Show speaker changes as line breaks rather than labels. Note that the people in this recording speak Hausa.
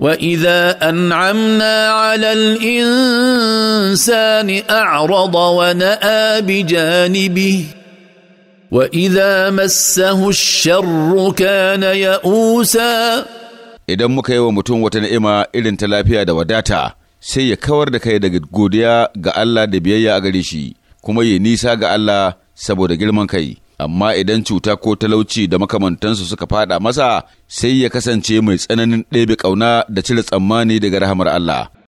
واذا انعمنا على الانسان اعرض وناى بجانبه واذا مسه الشر كان يئوسا
idan muka yi wa mutum wata ni'ima irin ta lafiya da wadata sai ya kawar da kai daga godiya ga Allah da biyayya a gare shi kuma ya nisa ga Allah saboda girman kai amma idan cuta ko talauci da makamantansu suka fada masa sai ya kasance mai tsananin ɗebe ƙauna da cire tsammani daga rahamar Allah.